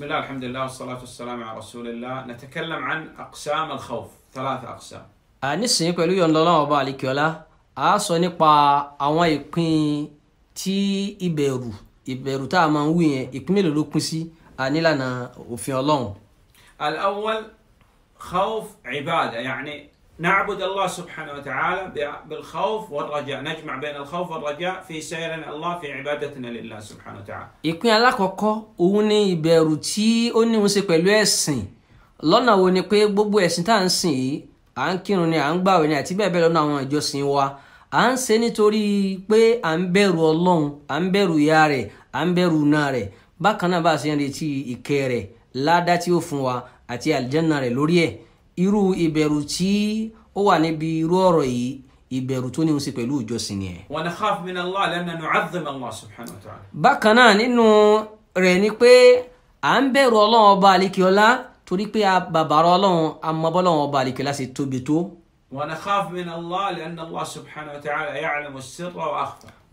بسم الله الحمد لله والصلاة والسلام على رسول الله نتكلم عن أقسام الخوف ثلاث أقسام nísìnyí pẹ̀lú yọ̀ǹda ọlọ́run ọba àlekíọ́lá a sọ nípa àwọn ìpín tí ìbẹ̀rù ìbẹ̀rù tá a máa ń wí yẹn ìpín mélòó ló pín sí nílànà òfin ọlọ́run. al-awwal khawf ibada yani نعبد الله سبحانه وتعالى بالخوف والرجاء نجمع بين الخوف والرجاء في سيرنا الله في عبادتنا لله سبحانه وتعالى ìpín alákọ̀ọ́kọ́ òun ni ìbẹ̀rù tí ó ní wọn ṣe pẹ̀lú ẹ̀sìn lọ́nà wo ni pé gbogbo ẹ̀sìn tá à ń sìn yìí à ń kírun ni à ń gbàwé ni àti bẹ́ẹ̀ bẹ́ẹ̀ lọ́nà àwọn ìjọsìn wa à ń ṣe nítorí pé à ń bẹ̀rù ọlọ́run à ń bẹ̀rù ìyá rẹ̀ à ń bẹ̀rù iná rẹ̀ bákan náà bá a ṣe ń retí ìkẹ́ rẹ̀ ládá tí ó fún wa àti àlìjẹ́nà rẹ̀ lórí ẹ̀ irú ìbẹ̀rù tí ó wà níbi irú ọ̀rọ̀ yìí ìbẹ̀rù tó ní ń ṣe pẹ̀lú ìjọsìn ni ẹ̀. wa nakhaf min Allah lanna nu'azzim Allah subhanahu wa ta'ala. bákan náà nínú rẹ̀ ni pé à ń bẹ̀rù ọlọ́run ọba àlekíọ́lá torí pé bàbára ọlọ́run amọ̀bọ́lọ́run ọba àlekíọ́lá ṣe tóbi tó. wa nakhaf min Allah lanna Allah subhanahu wa ta'ala ya'lamu as-sirra wa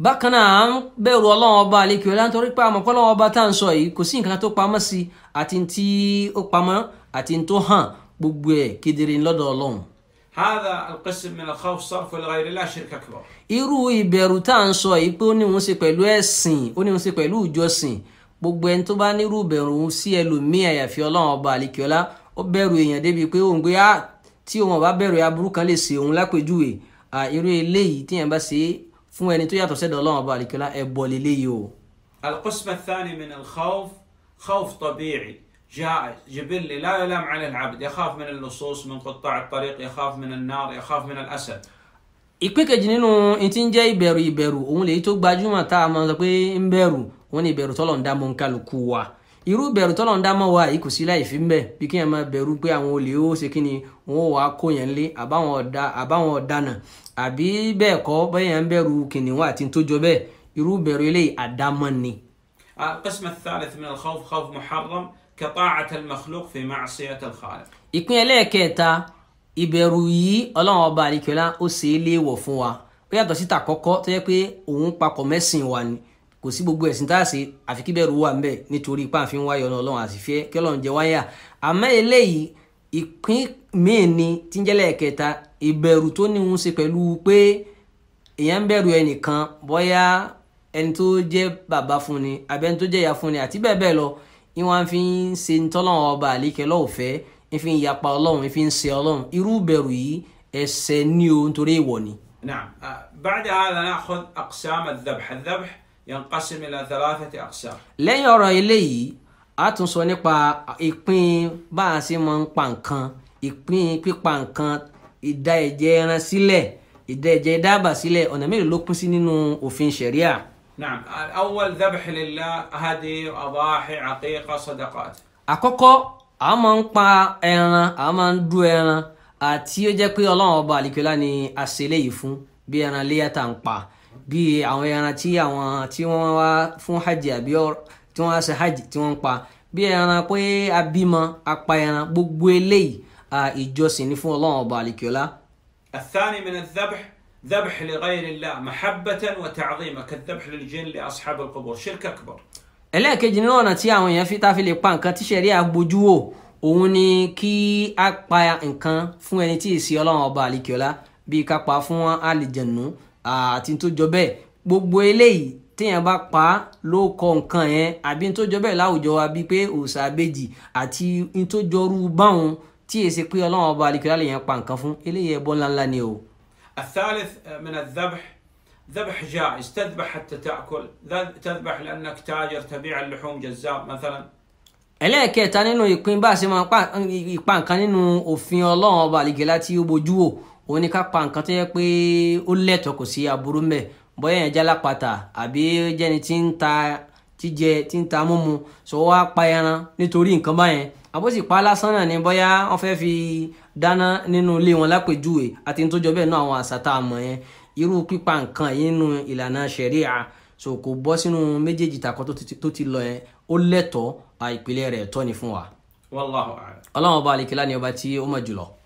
bákan náà à ń bẹ̀rù ọlọ́run ọba àlekíọ́lá torí pé amọ̀bọ́lọ́run ọba tá à ń sọ yìí kò sí nǹkan tó pamọ́ sí àti tí ó pamọ́ àti tó hàn gbogbo ẹ̀ kedere lọ́dọ̀ ọlọ́run. هذا القسم من الخوف صرف لغير الله شرك أكبر. irú ìbẹ̀rù tá à ń sọ yìí pé ó ní òun ṣe pẹ̀lú ẹ̀sìn ó ní òun ṣe pẹ̀lú ìjọsìn gbogbo ẹni tó bá nírú ìbẹ̀rù òun sí ẹlòmíì àyàfi ọlọ́run ọba àlìkíọ́lá ó bẹ̀rù èèyàn débi pé òun gbé á ah! tí òun ọba bẹ̀rù aburú kan lè ṣe òun lápèjúwe irú eléyìí tíyẹn bá ṣe fún ẹni tó yàtọ̀ sẹ́dọ̀ ọlọ́run ọba àlìkíọ́lá ẹ̀bọ̀ lélẹ́yìí o. القسم الثاني من الخوف خوف طبيعي جائز جبلي لا يلام على العبد يخاف من اللصوص من قطاع الطريق يخاف من النار يخاف من الأسد ìpín kejì nínú tí ń jẹ́ ìbẹ̀rù ìbẹ̀rù òun lèyí tó gbajúmọ̀ tá a mọ̀ sọ pé ń bẹ̀rù òun ni ìbẹ̀rù tọ́lọ̀ ń dá ń kálukú wa irú ìbẹ̀rù tọ́lọ̀ ń dá wa yìí kò sí láì fi ń bẹ̀ bí kéèyàn máa bẹ̀rù pé àwọn olè ó ṣe kí ni wọn ò wá kó yẹn lé àbáwọn ọ̀daràn àbí bẹ́ẹ̀ kọ́ bẹ́yẹn ń bẹ̀rù kìnìún àti tó jọ bẹ́ẹ̀ كطاعة المخلوق في معصية الخالق ìpín ẹlẹ́ẹ̀kẹta ìbẹ̀rù yìí ọlọ́run ọba àríkẹ́lá ó ṣe é léèwọ̀ fún wa ó yàtọ̀ síta kọ́kọ́ tó yẹ pé òun papọ̀ mẹ́sìn wa ni kò sí gbogbo ẹ̀sìn tá a ṣe àfi kí bẹ̀rù wà ńbẹ̀ nítorí páàfin wáyé ọ̀nà ọlọ́run àṣìfẹ́ kí ọlọ́run jẹ wáyà àmọ́ eléyìí ìpín míì ni tí ń jẹ́ lẹ́ẹ̀kẹta ìbẹ̀rù tó ní ń ṣe pẹ̀lú pé èèyàn bẹ̀rù ẹnìkan bọ́yá ẹni tó jẹ́ bàbá fún ni àbẹ́ni tó jẹ́ ìyá fún ni àti bẹ́ẹ̀ bẹ́ẹ̀ lọ ń wá fi ń ṣe ntọ́lọ́wọ́n ọba àlékẹ́ lọ́ọ̀fẹ́ ń fi ń yapa ọlọ́run ń fi ń ṣe ọlọ́run irú bẹ̀rù yìí ẹsẹ̀ ní o nítorí ìwọ ni. نعم بعد هذا نأخذ أقسام الذبح الذبح ينقسم إلى ثلاثة أقسام lẹ́yìn ọ̀rọ̀ eléyìí a tún sọ nípa ìpín bá a ṣe máa ń pa nǹkan ìpín pípa nǹkan ìdá ẹ̀jẹ̀ ẹran sílẹ̀ ìdá ẹ̀jẹ̀ dábàá sílẹ̀ ọ̀nà mélòó ló pín sí nínú òfin ṣẹ̀ríà. نعم اول ذبح لله هدي اضاحي عقيقه صدقات àkọ́kọ́ a máa ń pa ẹran a máa ń dú ẹran àti ó jẹ́ pé ọlọ́run ọba àlìkọ́lá ni a ṣe léyìí fún bí ẹran léyà tá à ń pa bí àwọn ẹran tí àwọn tí wọ́n wá fún hajj àbí tí wọ́n wá ṣe hajj tí wọ́n pa bí ẹran pé a bímọ ẹran gbogbo eléyìí ìjọsìn ni fún ọlọ́run ọba àlìkọ́lá. الثاني من الذبح ذبح لغير الله محبة وتعظيما كالذبح للجن لأصحاب القبور شرك أكبر ẹlẹ́ẹ̀kejì nínú ọ̀nà tí àwọn èèyàn fi tá a fi lè pa nǹkan tí sẹ̀rí àgbójú wò òun ni kí a pa nǹkan fún ẹni tí ìsìn ọlọ́run ọba àlìkíọ́lá bíi ká pa fún àlìjẹ̀nù àti tó jọ bẹ́ẹ̀ gbogbo eléyìí téèyàn bá pa á ló kọ nǹkan yẹn àbí tó jọ bẹ́ẹ̀ láwùjọ wa bíi pé òòṣà àbejì àti tó jọrú báwọn tí èsì pé ọlọ́run ọba àlìkíọ́lá lè yẹn pa nǹkan fún eléyìí ẹbọ الثالث من الذبح ذبح جائز تذبح حتى تاكل تذبح لانك تاجر تبيع اللحوم جذاب مثلا ẹlẹ́ẹ̀kẹta nínú ìpín bá a ṣe máa pa nǹkan nínú òfin ọlọ́run ọba àlìgẹ́lá tí ó bojú wò òun ni ká pa nǹkan tó yẹ pé ó lẹ́tọ̀ọ́ kò sí aburú mẹ́ bọ́yá ẹ̀yàn jálápàtà àbí jẹ́ni tí ń ta jíjẹ tí ń ta múmu sọ wá pa ẹran nítorí nǹkan báyẹn àbósì pa lásán náà ni bóyá wọ́n fẹ́ fi dáná nínú ilé wọn lápèjúwe àti tó jọ bẹ́ẹ̀ náà àwọn àṣà tá a mọ̀ yẹn irú pípa nǹkan yìí nínú ìlànà ṣẹ̀ríà so kò bọ́ sínú méjèèjì tàkọ́ tó ti lọ yẹn ó lẹ́tọ̀ọ́ àìpìlẹ̀ rẹ̀ tọ́ fún wa. Wallahu a'lam. ọlọ́run ọba àlekèlá ni ọba tí ó mọ̀ jùlọ.